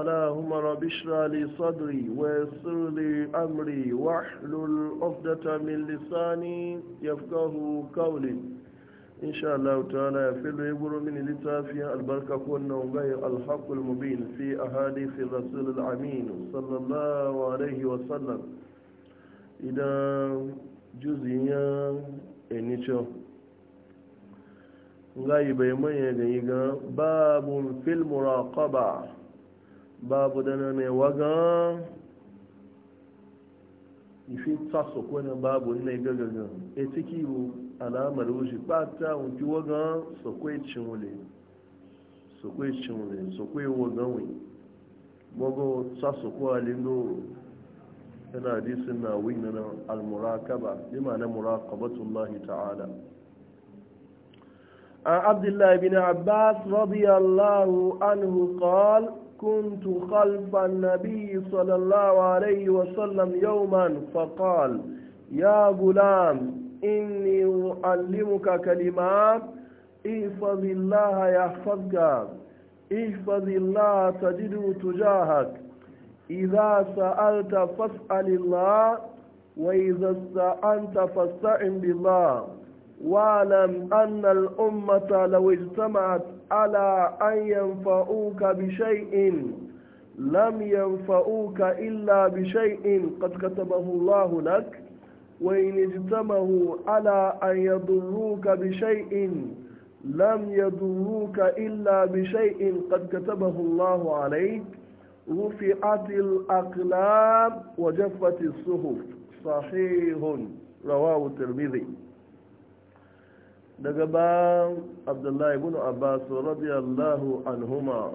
اللهم رب اشرح لي صدري ويسر لي امري واحلل عقدة من لساني يفقهوا قولي ان شاء الله تعالى يفل يبر من لتافيا البركة كنا وغير الحق المبين في احاديث الرسول الامين صلى الله عليه وسلم اذا جزيا انيتشو غايبه من يغيغا باب في المراقبه babu dana ne waga ifi taso kone babu ne gagaga e ciki bu alamar wuce bata wuki waga sokwai cinwule sokwai cinwule sokwai waganwe mago taso kowa lindo yana hadisin na wina na almurakaba lima na murakabatullahi ta'ala عن عبد الله بن عباس رضي الله عنه قال كنت خلف النبي صلى الله عليه وسلم يوما فقال يا غلام إني أعلمك كلمات احفظ الله يحفظك احفظ الله تجده تجاهك إذا سألت فاسأل الله وإذا استعنت فاستعن بالله واعلم أن الأمة لو اجتمعت على أن ينفعوك بشيء لم ينفعوك إلا بشيء قد كتبه الله لك وإن اجتمعوا على أن يضروك بشيء لم يضروك إلا بشيء قد كتبه الله عليك رفعت الأقلام وجفت الصحف صحيح رواه الترمذي daga ba abdullahi ibn abbas radiyallahu anhuma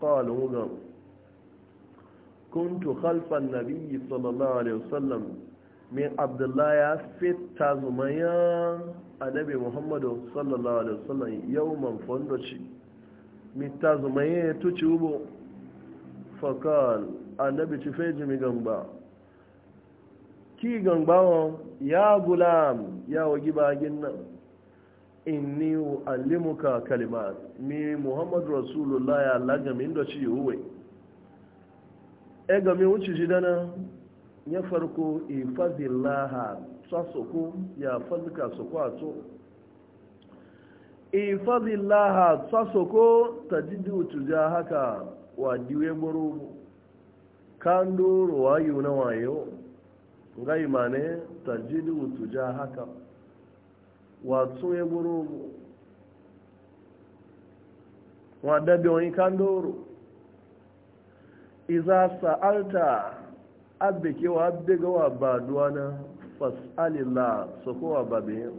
qala huwa kuntu khalfa an-nabiy sallallahu alaihi wasallam min abdullahi ya fitta zumaya annabi muhammad sallallahu alaihi wasallam yawman fondoci mitta zumaya tuci ubo fakal annabi ci feji mi gamba ki gamba ya gulam ya wagi bagin nan inni alimuka kalimat mi muhammadu rasulullah ya lagami inda ci yiwuwe e gami wuce ji dana ya farko ifadillaha sasoko ya fadika soko a to ifadillaha sasoko ta jidi utuja haka wa diwe gboro kando ruwayo na wayo ga imane ta jidi utuja haka wasu ya buru wadda biyoyin kan doro iza sa'alta abekewa abegawa ba duwana fas'alila su kowa ba biyan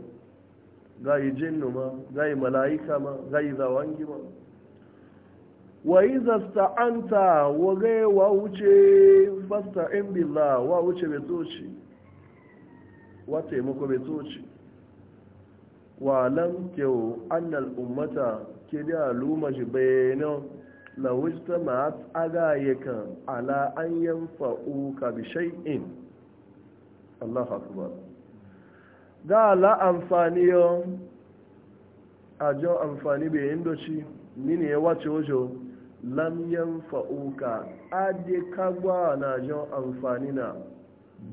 gayi jinnu ma gayi mala'ika ma gayi zawangi ma wa iza sta'anta wa gaya wa wuce fasta'in billah wa wuce betoci wa taimako betoci walam kyau annal ummata ke da luma shi bayanan lawista ma'at agayekan ala an yanfa'u ka bi shay'in Allah akbar da la amfani yo ajo amfani be indo shi nini ya wace ojo lam yanfa'u ka ade kagwa na ajo amfani na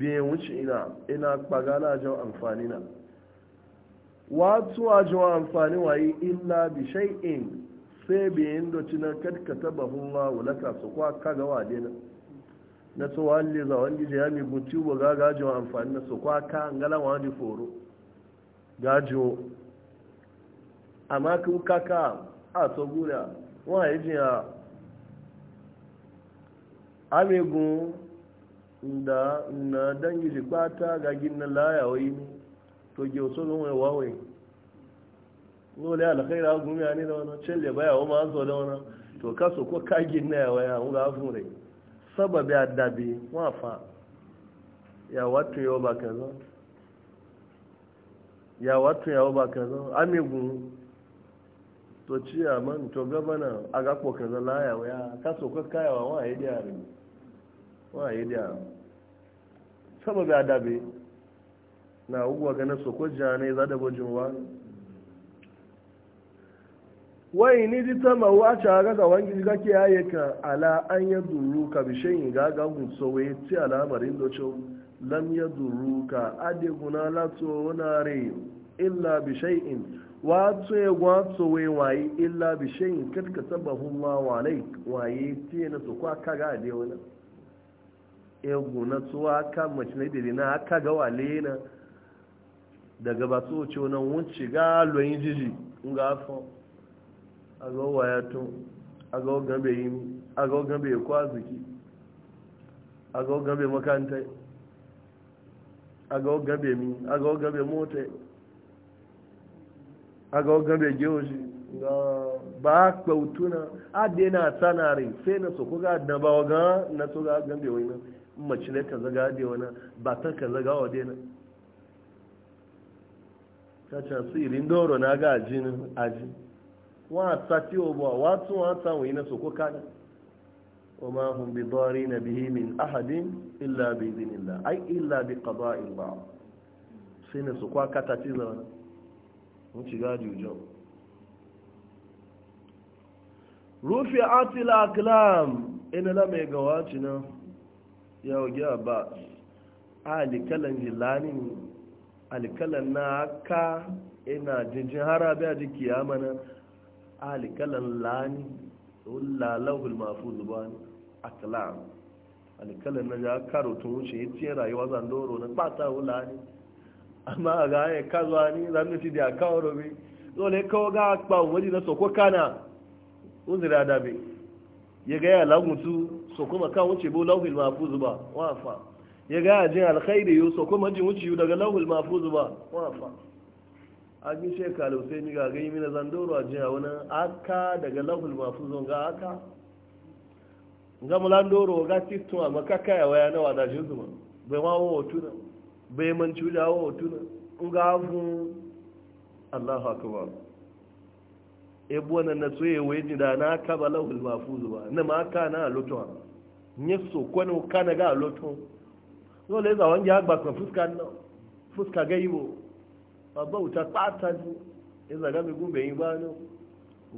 bi wuce ina ina kpagala ajo amfani na wato a wa amfani wayi illa bi shay'in sai bi inda cina kadkata bahun ma wulaka su kwa kaga wade na na to walli za wani ya mi gutu ba ga ga jiwa amfani na su kwa ka ngala di foro ga jo amma ku kaka a to gura wa yi ya amegun da na dangi jikpata ga ginna layawai ne to ge wasu gun lola wawai kai alkhaira gumi ani da wani cin da baya wa mazo da wani to kaso ko kagin na yawa ya ga afun rai sababi adabi wafa ya wato yawa ba kaza ya wato yawa ba kaza amigun to ciyaman to gabana a ga ko kaza la yawa ya kaso ko kayawa wa ya diyare wa ya diyare sababi adabi na ugwa ganin su ko jane za da bujin wani wai ni ji ta mawa ta ga ga wangi ga ke yaye ka ala an ya duru ka bishin ga ga gun so wai ti alamarin do cho lam ya duru ka ade guna la to na re illa bi shay'in wa to ya gwa to wai wai illa bi shay'in kad ka sabahu ma wa alaik wai ti na su kwa ka ga de wala e guna to aka mace ne de na aka ga wale na daga ba so ce wani wunci ga loyin jiji in ga afon a ga waya tun a ga ogan yi a ga ogan bai kwa ziki a ga ogan bai makanta a ga ogan mi a ga ogan mota a ga ogan bai geoji ga ba kpautuna a na sanari sai na soko ga na ba na so ga ogan bai wani mace ka zaga adewa na ba ta ka zaga wa dena tacha siri ndoro na ga ajin aji wa tati obo wa tun wa ta wi na soko kada wa ma hum bi na bihi min ahadin illa bi idhnillah ai illa bi qada'i ba'd sai na soko aka tati zawa mun ci gadi ujo rufi atil aklam ina la mai gawa cina. ya wage ba ali kalan jilani alkalan na ka ina jinjin harabe a jiki ya mana alkalan lani lalahul mafi zuba aklam alkalan na ya karo tun wuce ya ciye rayuwa doro na kpata wula ne amma a ga ya kazuwa ni zan nufi da ya kawo robe dole kawo ga akpa wani na soko kana uzira dabe ya ga ya su soko maka wuce bu lauhul mafi zuba wafa ya ga jin alkhairi yuso kuma jin wuce daga lauhul mahfuz ba wafa agin shekaru sai ni ga gai mina zandoro a wani aka daga lauhul mahfuz ga aka ga mulandoro ga titun a makaka ya waya na wada shi zuma bai ma wo tuna bai man cuja wo tuna in ga abu Allahu akbar ebu wannan na soye ni da na kaba lauhul mahfuz ba na ma aka na lotun ne so kwano kana ga lotun so le za wangi agba kwa fuska no ga yibo babba wuta pata ju e za ga mi gumbe yin ba no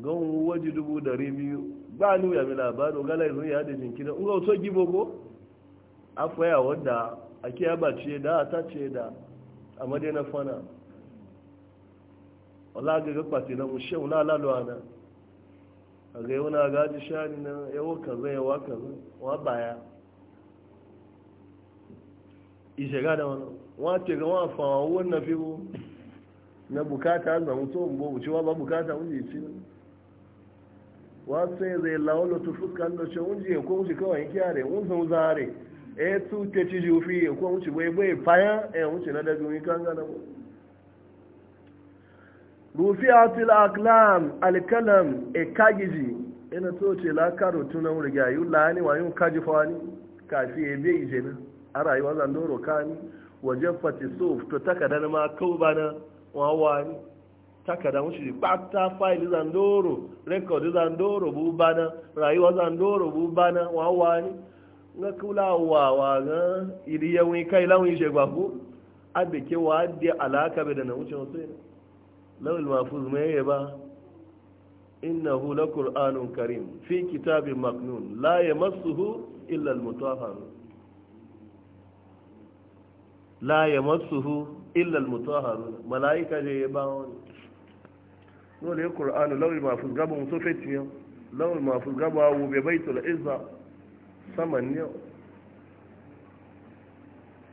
gon dubu dari biyu ba ni ya mi labaro gala izo ya da jinkira ngo so gibo ko afwa ake ya bace da ta ce da a madina fana wala ga ga kwati na mu shehu na lalwa na a ga yau na gaji e shani na yawo kaza yawa e kaza wa baya ìṣẹ̀gádà wọn wọ́n tẹ̀gá wọn fà owó na fi wo na bukata zàwọn tó ń bọ̀ òṣì wọ́n bá bukata wọ́n yìí sí wọ́n tẹ́ ẹ̀rẹ̀ làwọn tó fúkà ń lọ́ṣọ́ wọ́n jẹ́ ẹ̀kọ́ oúnjẹ kọ́wàá yìí kíá rẹ̀ wọ́n sọ ń rẹ̀ ẹ̀ tún tẹ̀tí ju fi ẹ̀kọ́ oúnjẹ bọ́ ẹgbẹ́ ìpáyà ẹ̀ oúnjẹ náà dẹ́gbẹ̀ oyin káńgá náà wọ́n. rufi atil aklam alkalam ekagiji ina tó ce la karo tunan rigayu la ni wa yun kaji fani kafi ebe ije na a rayuwar zandoro kani wajen fatisuf to takadar ma kau ba na wawani takadar mushi ta faili zandoro rekod zandoro bu ba na rayuwar zandoro bu ba na wawani na kula wawa na iri yawon kai lawon shi gbaku ke wa da alaka bai da na wuce wasu yana lawal mafuz mai ba inna la qur'anun karim fi kitabin maknun la hu illa al la ya matsuhu illal mutahharun malaika je ya ba wani dole qur'anu ma fi gaba mun so fetin yau lawil mahfuz gaba wa bi baitul izza saman ne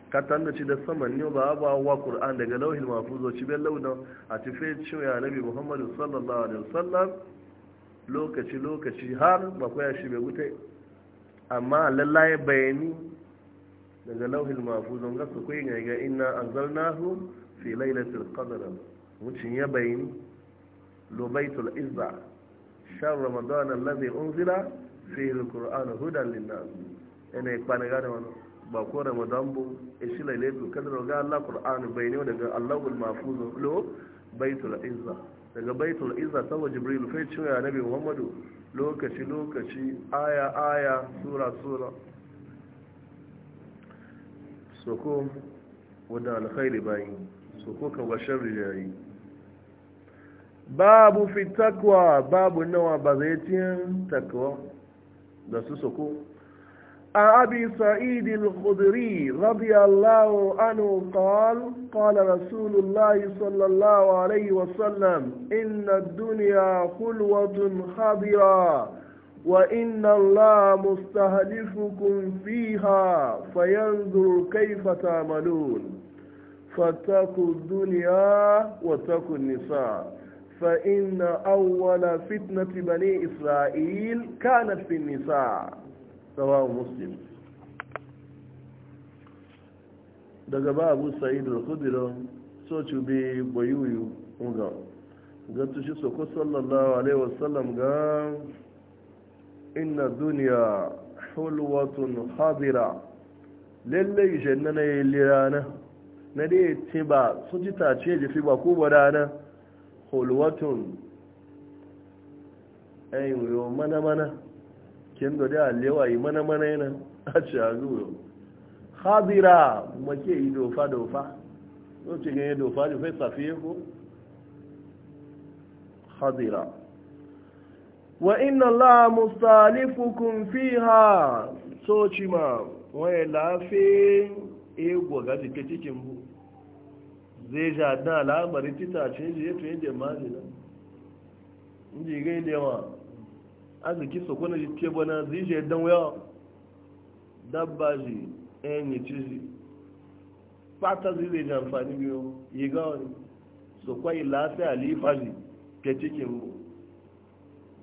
katan da ci da saman ne ba ba wa qur'an daga lawil mahfuz ci bai launa a ci fe ci ya nabi muhammad sallallahu alaihi wasallam lokaci lokaci har ba koya shi be gute amma lallai bayani daga lauhin mafuzon ga su kuyi ga ina anzalnahu fi lailatul qadr mucin ya bayin lubaitul izza shan ramadan allazi unzila fihi alquran hudan linnas ina ikpana ga da wani ba ko ramadan bu ishi e lailatul qadr ga allah qur'an bayne daga allahul mafuzon lo baitul izza daga baitul izza saboda jibril fa ya ce ya nabi muhammadu lokaci lokaci aya aya sura sura soko wadda alkhairi bayin soko kan ba sharri yayi babu fi takwa babu nawa ba zai tiyan takwa da su soko عن أبي سعيد الخدري رضي الله عنه قال قال رسول الله صلى الله عليه وسلم إن الدنيا خلوة خضرة وإن الله مستهدفكم فيها فينظر كيف تعملون فاتقوا الدنيا واتقوا النساء فإن أول فتنة بني إسرائيل كانت في النساء رواه مسلم daga babu sa'id al-khudri so tube boyuyu unga ga tushi soko sallallahu alaihi wasallam ga inna duniya hulwatun hadira lallai janna na yi lirana na dai ti ba su ji tace jifi ba ku ba rana hulwatun ayin yo mana-mana kin da da lewa yi mana-mana yana a ci a zuwa hadira make yi dofa-dofa zo ci ganye dofa-dofa safiye ko hadira wa inna Allah mustalifukum fiha so ci ma waye lafi egwa ga jike cikin bu zai ja dan al'amari tita ce je to yadda majina inji gai da yawa arziki so kuna jike bana zai je dan waya dabba ji en yi ci ji fata zai zai ja amfani biyo yi ga wani so kwai lafi alifa ji ke cikin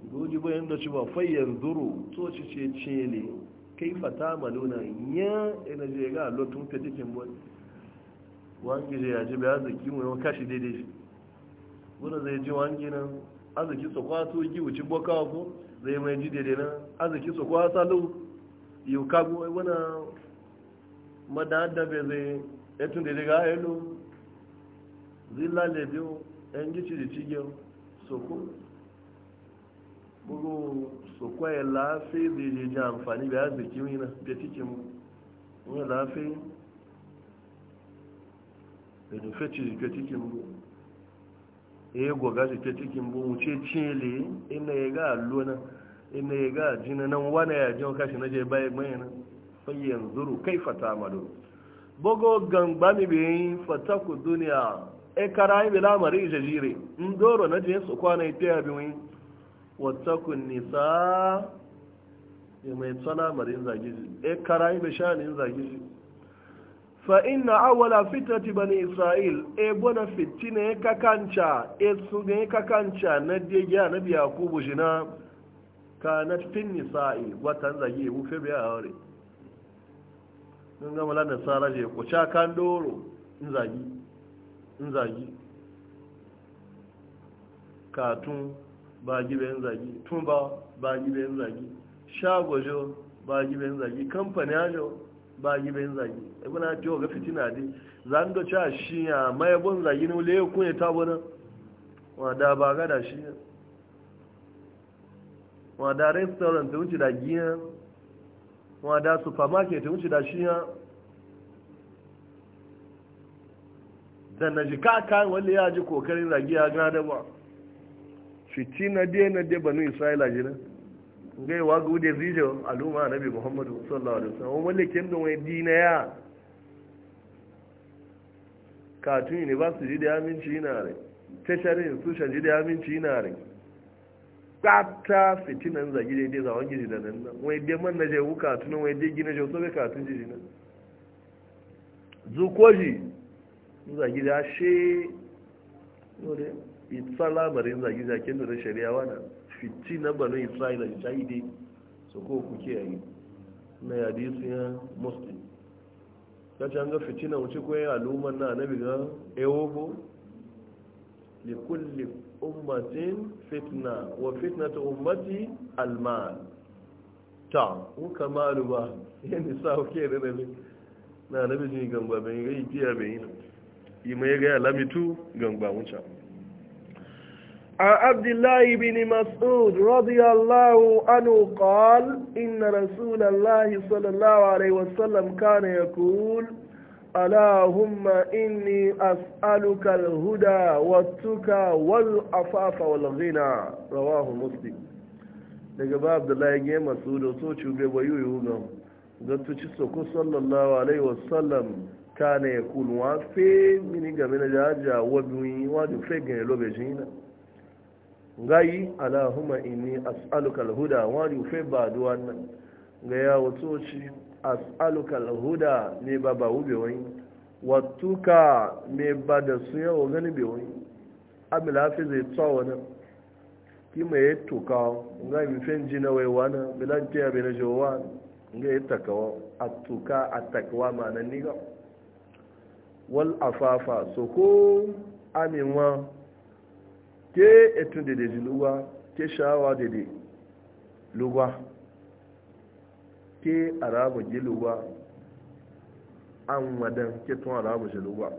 goji bayan da ci ba fayyan zuru to ci ce cele kai fata maluna ya ina je ga lotun ta cikin wani wangi je ya ji bai arziki mu yawan kashi daidai shi wani zai ji wangi nan arziki su kwaso gi wuci boka ko zai mai ji daidai nan arziki su kwasa lau yau kago wani madadda bai zai etun daidai ga ayyalo zai lalabe yan gici da cigiyar soko bugu su kwaye lafi zai ji amfani da arziki mina da cikin wani lafi da dufe ci jike cikin bu ya goga jike cikin bu wuce cile ina ya ga ina e ya ga jina na wani ya jan kashi na je baya mai nan fayyan zuru kai fata malo gangba mi fata ku duniya ekara kara yi na ya wattakun nisa ya mai tsana zagizi zagiji e yi bai sha'anin zagiji fa inna awwala fitati bani isra'il e bona na ya kakanca e su ne ya kakanca na degiya na biya bushi na ka na fin nisa'i watan zagi ya wufe biya a wari don gama la nasara je ku ca kan doro in zagi in zagi katun ba gibayen zagi tumba ba gibayen zagi shagojo ba gibayen zagi kamfani ajo ba gibayen zagi ibina tiyo ga fitina dai zan da cewa shi ya maye bon zagi ne wule kun ya tabo nan wada ba ga da shi ne wada restaurant wuce da giya wada supermarket wuce da shi ya da na ji kakan wanda ya ji kokarin zagi ya da ba fiti na dai na dai banu isra'ila jira ngai wa gude zijo aluma nabi muhammadu sallallahu alaihi wasallam wa malikin don wai dina ya katun university da aminci yana rai tertiary institution da aminci ina re kata fitinan zagi dai dai zawon gidi da nan wai dai man na je wuka tun wai dai gina je so be katun ji nan zukoji zagi da she no dai itsar labarin zage-zagen da shari'a wana fiti na banu isra'ila da shahide su ko kuke yayi na yadi ya muslim ta can ga fiti na wuce ko ya aluman na anabi ga ewogo li kulli ummatin fitna wa fitnatu ummati almal ta ko kamalu ba yana sa ke da nabi na nabi ji gamba bai yi tiya bai yi ma ya ga ya lamitu gangba wuce عبد الله بن مسعود رضي الله عنه قال إن رسول الله صلى الله عليه وسلم كان يقول اللهم إني أسألك الهدى والتكى والعفاف والغنى رواه مسلم لقب عبد الله بن مسعود وصوته بيويوغا نعم. قلت تشسك صلى الله عليه وسلم كان يقول وافي من قبل جاجة وابني وادي فقن لو بجينا gayi alahuma inni as'aluka alhuda wani ufe ba duwan nan ga ya wato ci as'aluka alhuda ne ba ba ube wani ka me ba da su yawo gani be wani abin lafi zai tsawo nan ki mai ya toka ga mi fen ji na wai wani bilan tiya bai na jowa ga ya takawa a tuka a takawa ma nan ni ga wal afafa so ko aminwa ke etun dede ji lugwa ke sha'awa dede lugwa ke arabu ji lugwa an wadan ke tun arabu ji lugwa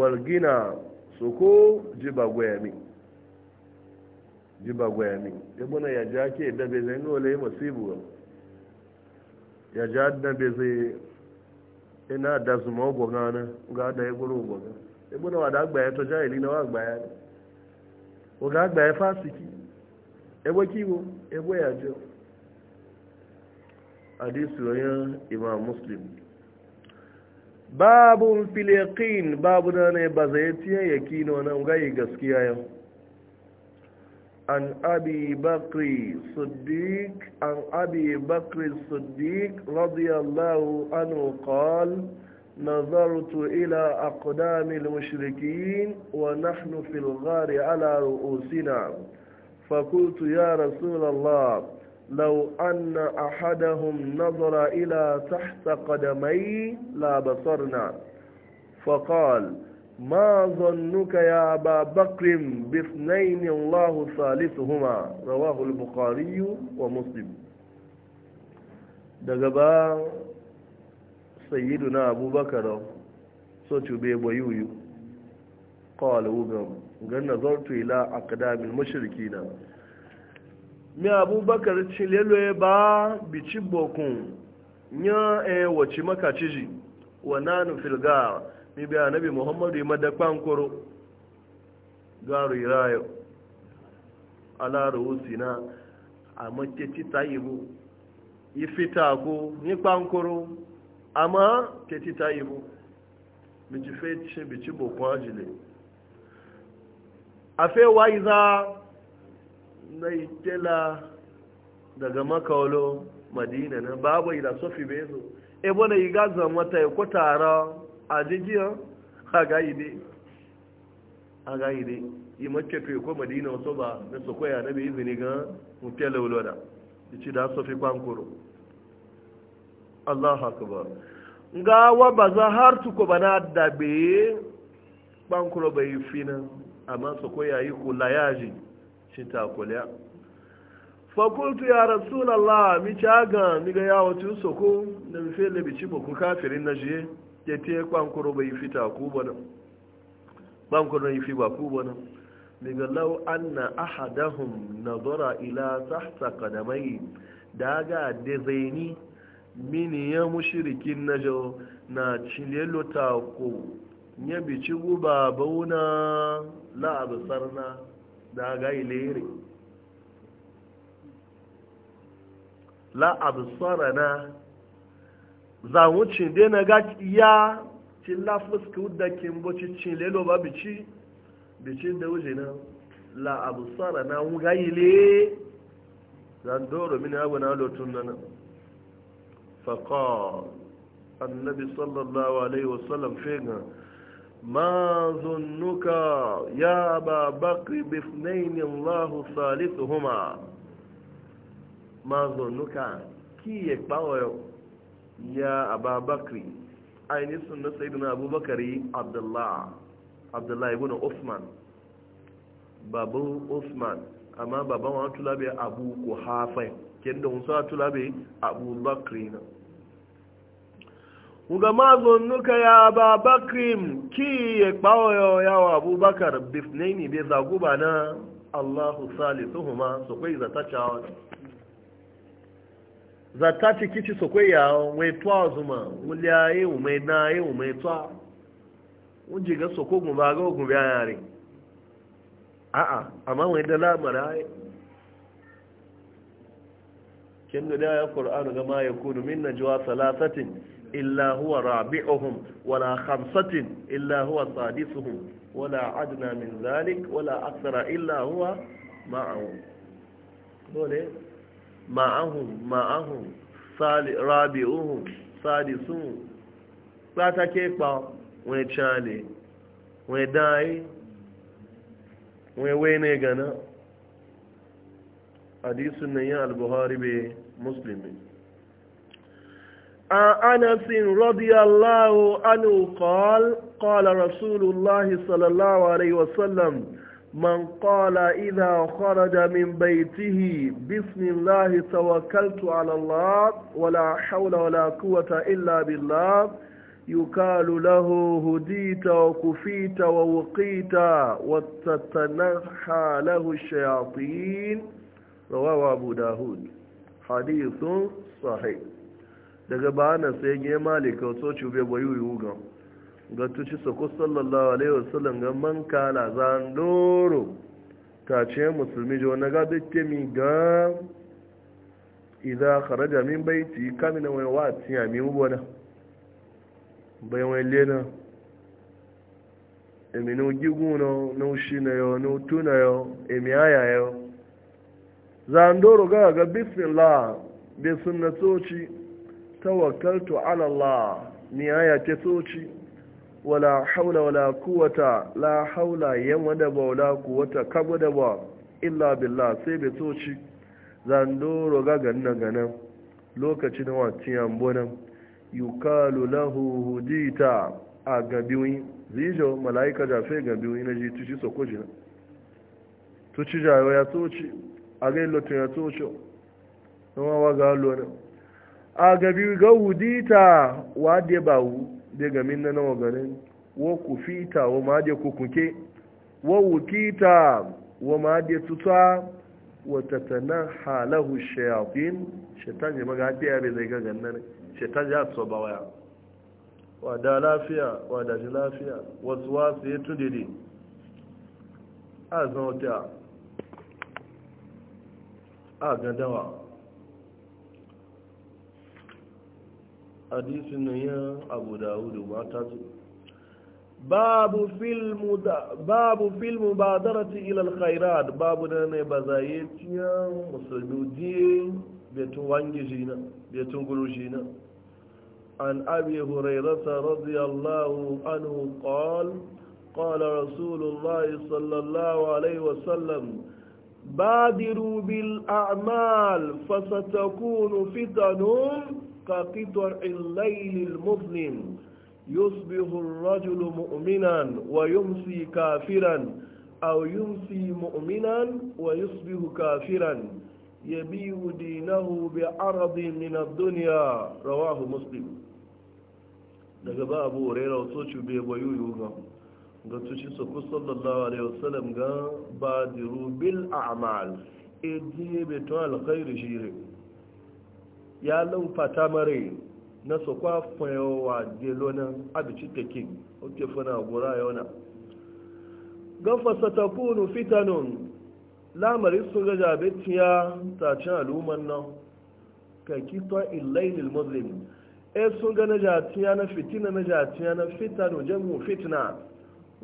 walgina soko ji bagwayami ji bagwayami ibuna ya ja ke dabe zai ngole e masibu ya ja dabe zai ina e da zuma ogbogana ga da ya e guru ogbogana ibuna wa da agbaya to jahili na wa ya ne oga agba ya fasiki ebe kiwo ebe ya jo hadisi onye imam muslim babu fil yaqin babu na ne ba zai tiye yakino na ngai gaskiya yau An abi bakri الصديق An abi bakri الصديق رضي الله عنه نظرت إلى أقدام المشركين ونحن في الغار على رؤوسنا فقلت يا رسول الله لو أن أحدهم نظر إلى تحت قدمي لبصرنا فقال ما ظنك يا أبا بكر باثنين الله ثالثهما رواه البخاري ومسلم دقبان sayidu na abubakar so cube bayuyu kawal wugan gan nazartu ila akadamin mashirki na mi abubakar cilelwe ba bici bokun ya e wace makaciji wa nanu filga mi bi anabi muhammadu yi madakpan koro garu irayo ala na a makeci ta ibu ifita ko ni kpankoro amma teti ta yi bu bici fece bici boko ajile a fewa iza na itela daga makaulo madina na babu ila sofi bezo ebo na iga zamata ya ko tara a jigiyar agaide agaide yi makefe ko madina wasu ba na sokoya na bai izini ga mutela wuloda ici da sofi kwankuro allah akbar ga wa za har tuko bana da be bankuro bai fina amma su ko yayi kula yaji shi ta kula fakultu ya Allah mi caga mi ga yawo tu soko da mi fele bi ci boku kafirin na je ke te bankuro bai fita ku bana bankuro yi fi ba ku bana mi ga law anna ahadahum nazara ila tahta qadamai daga da zaini mini ya mushirikin najo na cilelo ta ko ya bici guba bauna la'abasar na da ga ilere la'abasar na zamucin dai na ga ya cilla fuska da kin cile cilelo ba bici bici da wuce na la'abasar na wuga ile zan doro mini abu na lotun nan faƙa annabi sallallahu alaihi wasallam fega ma zunnuka ya ba bakri bifnainin lahu salisu huma ma zunnuka ki ya ya ababakri ainihin sunna sayidina abubakari abdullah abdullah ibn usman babu usman amma baban wani tulabe abu ku hafai ke ndị tulabe abu bụ na uga mazon nuka ya ba bakrim ki ya kpawo yawa abubakar bifnaini bai zaguba na allahu salisuhuma su sokwai zata cawa zata ciki ci su kwai yawon mai na zuma wuliyaye mai naye mai tuwa wunji ga soko a ga gumba yare amma wai da lamarai Kin da ya qur'anu ga ma yakunu min najwa salasatin illa huwa rabi'uhum wala khamsatin illa huwa sadisuhum wala adna min zalik wala aksara illa huwa ma'ahum dole ma'ahum ma'ahum sali rabi'uhum sadisuhum pata ke pa wọn chale wọn dai wọn wene gana hadisun nan yin al-buhari bai مسلم عن أنس رضي الله عنه قال قال رسول الله صلى الله عليه وسلم من قال إذا خرج من بيته بسم الله توكلت على الله ولا حول ولا قوة إلا بالله يقال له هديت وكفيت ووقيت وتتنحى له الشياطين رواه أبو داود hadisun sahih daga bana sai ge malika to cube boyu yuga ga tuci sako sallallahu alaihi wasallam ga man kana zan doro ta ce musulmi jo na ga dukke mi ga idza kharaja min baiti kamina wa wati ya mi ubona bayan wai lena eminu giguno no shina yo no tuna yo emi aya yo zandoro ga ga bismillah da suna soci tawakkaltu ala Allah ni aya ta soci wala haula wala kuwata la haula yamma da ba wala kuwata kabu da ba illa billah sai bai soci zandoro ga ganna ganan lokacin wacin ambonan yukalu lahu hudita a gabiwi zijo malaika jafe gabiwin na ji tushi sokoji na tushi jawo ya soci a lotu lotun ya tsoco nawa wa ga lona a gabi ga wudita wa de ba wu de ga min na wa garin wa ku fita wa ma de kukunke wa wukita wa ma de tuta wa tatana halahu shayatin shaitan ya maga haɗe yare zai ga gannan shaitan ya ba waya wa da lafiya wa da shi lafiya wasu wasu ya tudiri a zan wata a gadawa hadisin nan ya abu dawudu mata su babu filmu ba darati ilal khairat babu na ne ba zaye tiyan musulmi diye betun wange shi na betun guru shi na an abi hurairata radiyallahu anhu qal qala rasulullahi sallallahu alaihi wasallam بادروا بالأعمال فستكون فتن كقطع الليل المظلم يصبح الرجل مؤمنا ويمسي كافرا أو يمسي مؤمنا ويصبح كافرا يبيع دينه بعرض من الدنيا رواه مسلم daga ba abu hurairah so ga tushe su ku sallallahu alaihi wasallam ga badiru bil a'mal ejiye beto alkhairu shire ya lumfata mare na su kwa fayowa lona abici take ke fana gura ga fa satakunu fitanun lamari sun ga jabetiya cin aluman nan ka kito illailil muslim e sun ga na jatiya na fitina na jatiya na fitanu jamu fitna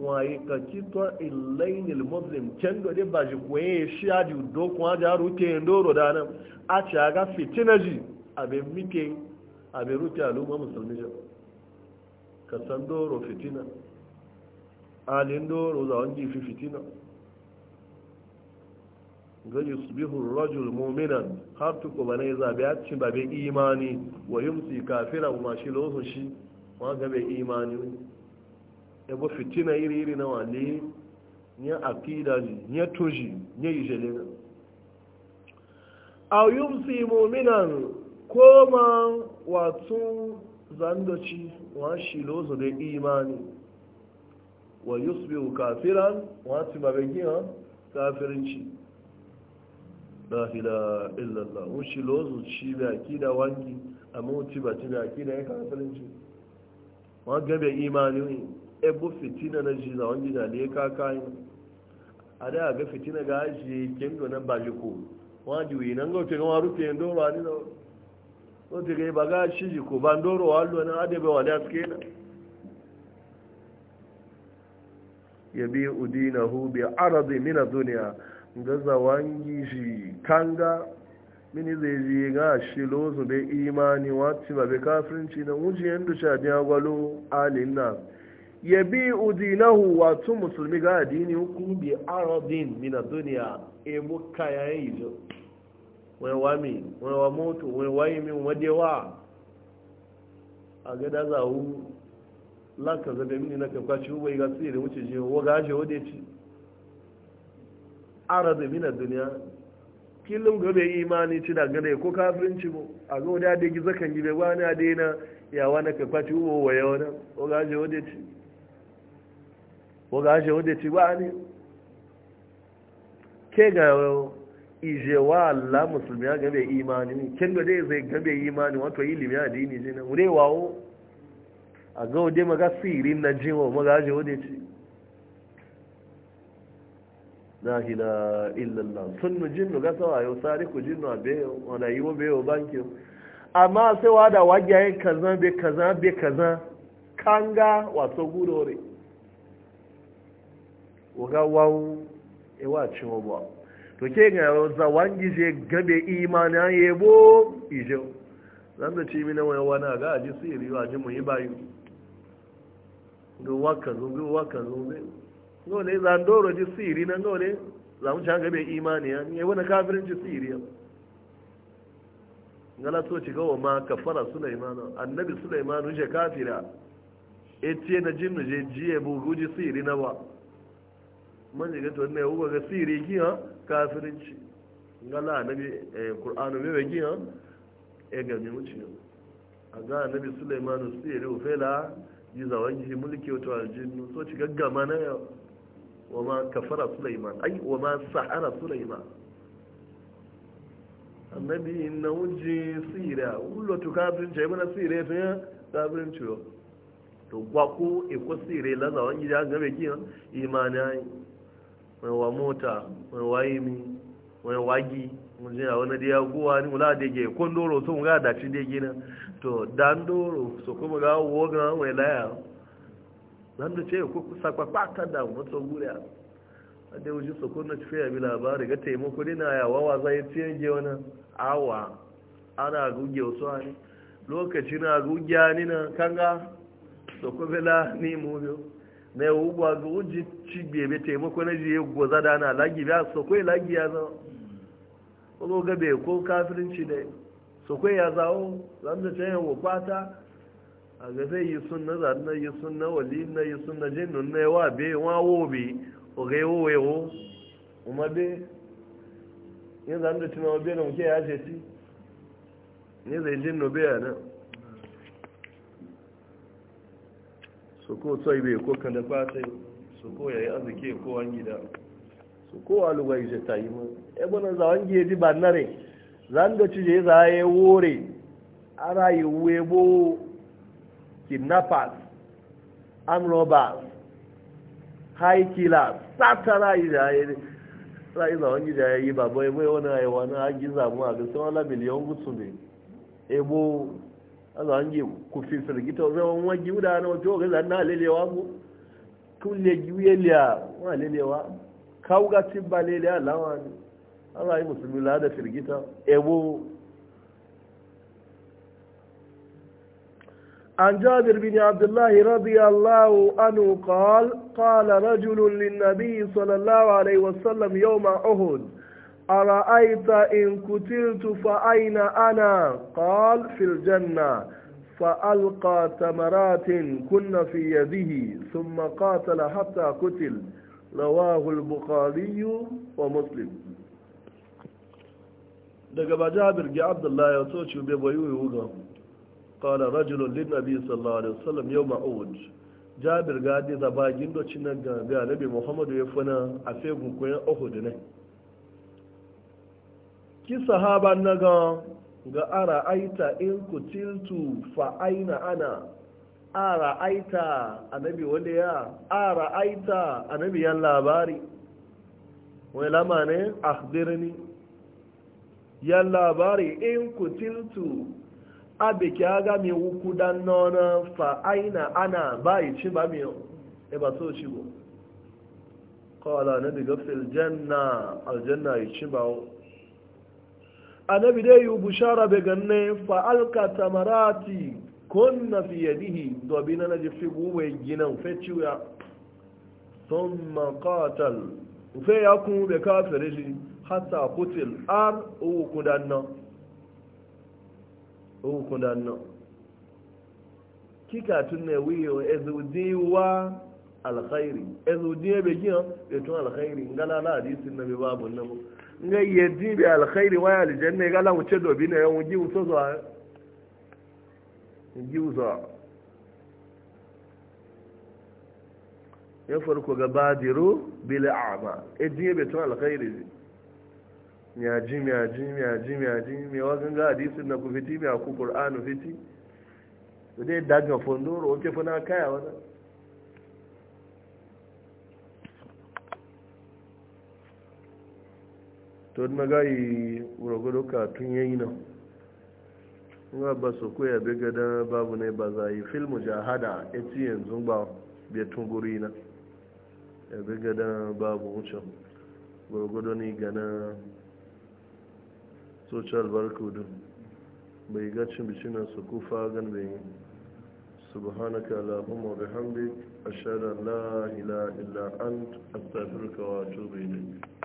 waye ka kito ilainil muslim can gode ba ji koye shi a ji dokun a ja rute yin doro da nan a ci a ga fitina ji abin mike abin rute al'umma musulmi ji ka san doro fitina alin doro za wani gifi fitina ga yusbihu rajul mu'minan har tuku bane zabe a cin babe imani wa yumsi kafiran ma shi losun shi ma ga bai imani ebo fitina iri iri na wale nya akida nya toji nya ijele aw yumsi mu'minan koma watu zandoci wa shilozo da imani wa yusbihu kafiran wa timabegiya kafirinci la ila illa allah wa shilozo ci be akida wangi amma wuti ba ci be akida ya kafirinci wa gabe imani ne ebo fitina na ji zawon gida da ya kaka yi a da ga fitina ga ajiye kendo na bajiko wani wuyi nan ga otu gama rufe yin doro a nina otu ga yi ba ga shi ji ko ban doro wa allo na adabe wa da suke na ya bi udina hu bi arabi mina duniya ga zawon gishi kanga mini zai ji ga shi lozu bai imani wacce ba bai kafirinci na wuce yadda shaɗi agwalo alin nan ya bi udinahu wato musulmi ga adini hukun bi arabin mina duniya e muka yayin yi zo wani wa mi wani wa moto wani wa yi min wadewa a gada za hu laka zabe mini na kafa ci hubai ga tsiri da wuce jiyo wa gaje wade ci arabin mina duniya kilin gobe imani ci da gada ko kafirinci mu a ga da da gizakan gibe wani adina yawa na kafa ci hubai wa yawon na wa gaje wade ci waga ṣe wọ́n ti wá ní ke ga ijewa musulmi ya imani ne kin da dai zai gabe imani wato ilimi ya dini ji na wure ó a ga wade sí sirin na jiwa maga je wade ci la ila illa Allah sun jinnu ga sawa yau sari ku jinnu abe wala yiwo be banki amma sai wada wagiyayen kaza kaza be kaza kanga wato gurore waga wawu ewa cin wa to ke ga za wangi je gabe imana yebo ije. zan da ci mina wani wani ga aji siri wa ji mu yi bayu ga waka zo ga waka zo ne ngole za ndoro ji siri na ngole za mu can gabe imani ya ne na kafirin ji siri ya ngala to ci gawa ma kafara sulaimanu annabi sulaimanu je kafira etiye na jinnu je jiye bu guji siri na ba manje jiga to ne uba ga siri giya kafirinci ngala nabi eh, qur'anu me giya e ga mi muci a ga annabi sulaiman siri ufela yi zawan ji mulki wato aljinnu so ci gaggama na wa ma kafara sulaiman ai wa ma sahara sulaiman annabi na wuji sira ullo to kafirinci ai mana sira to ya kafirinci to gwaku e ko sira la zawan ga me giya imani mai wa mota mai wa yimi mai wagi mun je wani da ya guwa ni mula da ge kon doro so mun ga da shi da gina to dan doro so kuma ga woga mai laya nan da ce ko kusa kwa kwata da mutum gure da wuji so kun na tafiya bi labari ga taimako dina ya wawa zai tiye wani awa ana guge wasu ne lokaci na gugiya ni na kanga so ko bela ni mu biyo na yau ugwa ga uji cibiyar bai taimako na jiye goza da na lagi a sakwai lagi ya zama ko gabe ko kafirinci da sakwai ya zawo zan da can yawo bata a ga zai yi na zan na yi na wali na yi na jinnun na yawa be wa wo be o ga yawo yawo kuma be yin zan da tunawa be na muke ya ce ti ne zai jinnu be ya nan su ko tsoyi bai ko kan da fata su ko ya yi arziki ko wangi da su ko aluwa yi ta yi mun e ebonan za wangi ya ji ba nare zan da je za ya wore ara yi webo kidnappers arm robbers high killers satana yi da ya ra'i za wangi da ya yi ba bai mai wani haiwa na hagi zamu a ga sun wala miliyan gutsu ne ebo aza ange ku fi sirgita wa zaman wagi wuda na wato ga na lelewa ko kulle giweliya wa lelewa kawo kauga ba lelewa lawa ne lawani aza yi musulmi la da firgita ebo عن جابر بن عبد الله رضي الله عنه قال قال رجل للنبي صلى الله عليه وسلم يوم أهد ارايت ان قتلت فاين انا قال في الجنه فالقى تمرات كن في يده ثم قاتل حتى قتل رواه البخاري ومسلم دغ جابر جي الله يوتشو بي بويو قال رجل للنبي صلى الله عليه وسلم يوم اود جابر غادي ذا باجين دو تشنا غا محمد يفنا افيغو كوين اوهود ki sahaba na ga ga ara aita in kutiltu fa aina ana ara aita annabi wanda ya ara aita annabi yan labari wai lama ne akhbirni yan labari in kutiltu abe aga mi wuku nona fa aina ana bai ci ba mi e ba so shigo go qala nabi gafil janna aljanna yi ci bawo annabi dai yi bushara bai ganne fa'alka tamarati kun na fiye dihi dobi na naji fi guwe ginan feci ya sun makatal fe ya kun bai kafiri shi hata kutil ar uwu kudanna uwu kudanna kika tun ne wiyo ezudiwa alkhairi ezudiye bai gina bai tun alkhairi ngala na hadisin na bai babu namu nga yedi bi alkhairi wa aljanna ga la wuce dobi na yawon ji wuso zuwa ji wuso ya farko ga badiru bil a'ma edi be to alkhairi ya ji mi ya ji mi ya ji mi ya ji mi wa ganga hadisin na ku fiti mi ku qur'anu fiti dai daga fondoro o ke fana kaya wannan to na gayi rogodo tun yayi nan nga ba su koya bi gada babu ne ba za yi filmu jahada eti yanzu ba bai guri na ya bai gada babu wucin gwargwado ne gana social barcode bai ga cin bici na su kufa gan bai yi subhanaka allahumma bihamdik ashhadu an la ilaha illa ant astaghfiruka wa atubu ilayk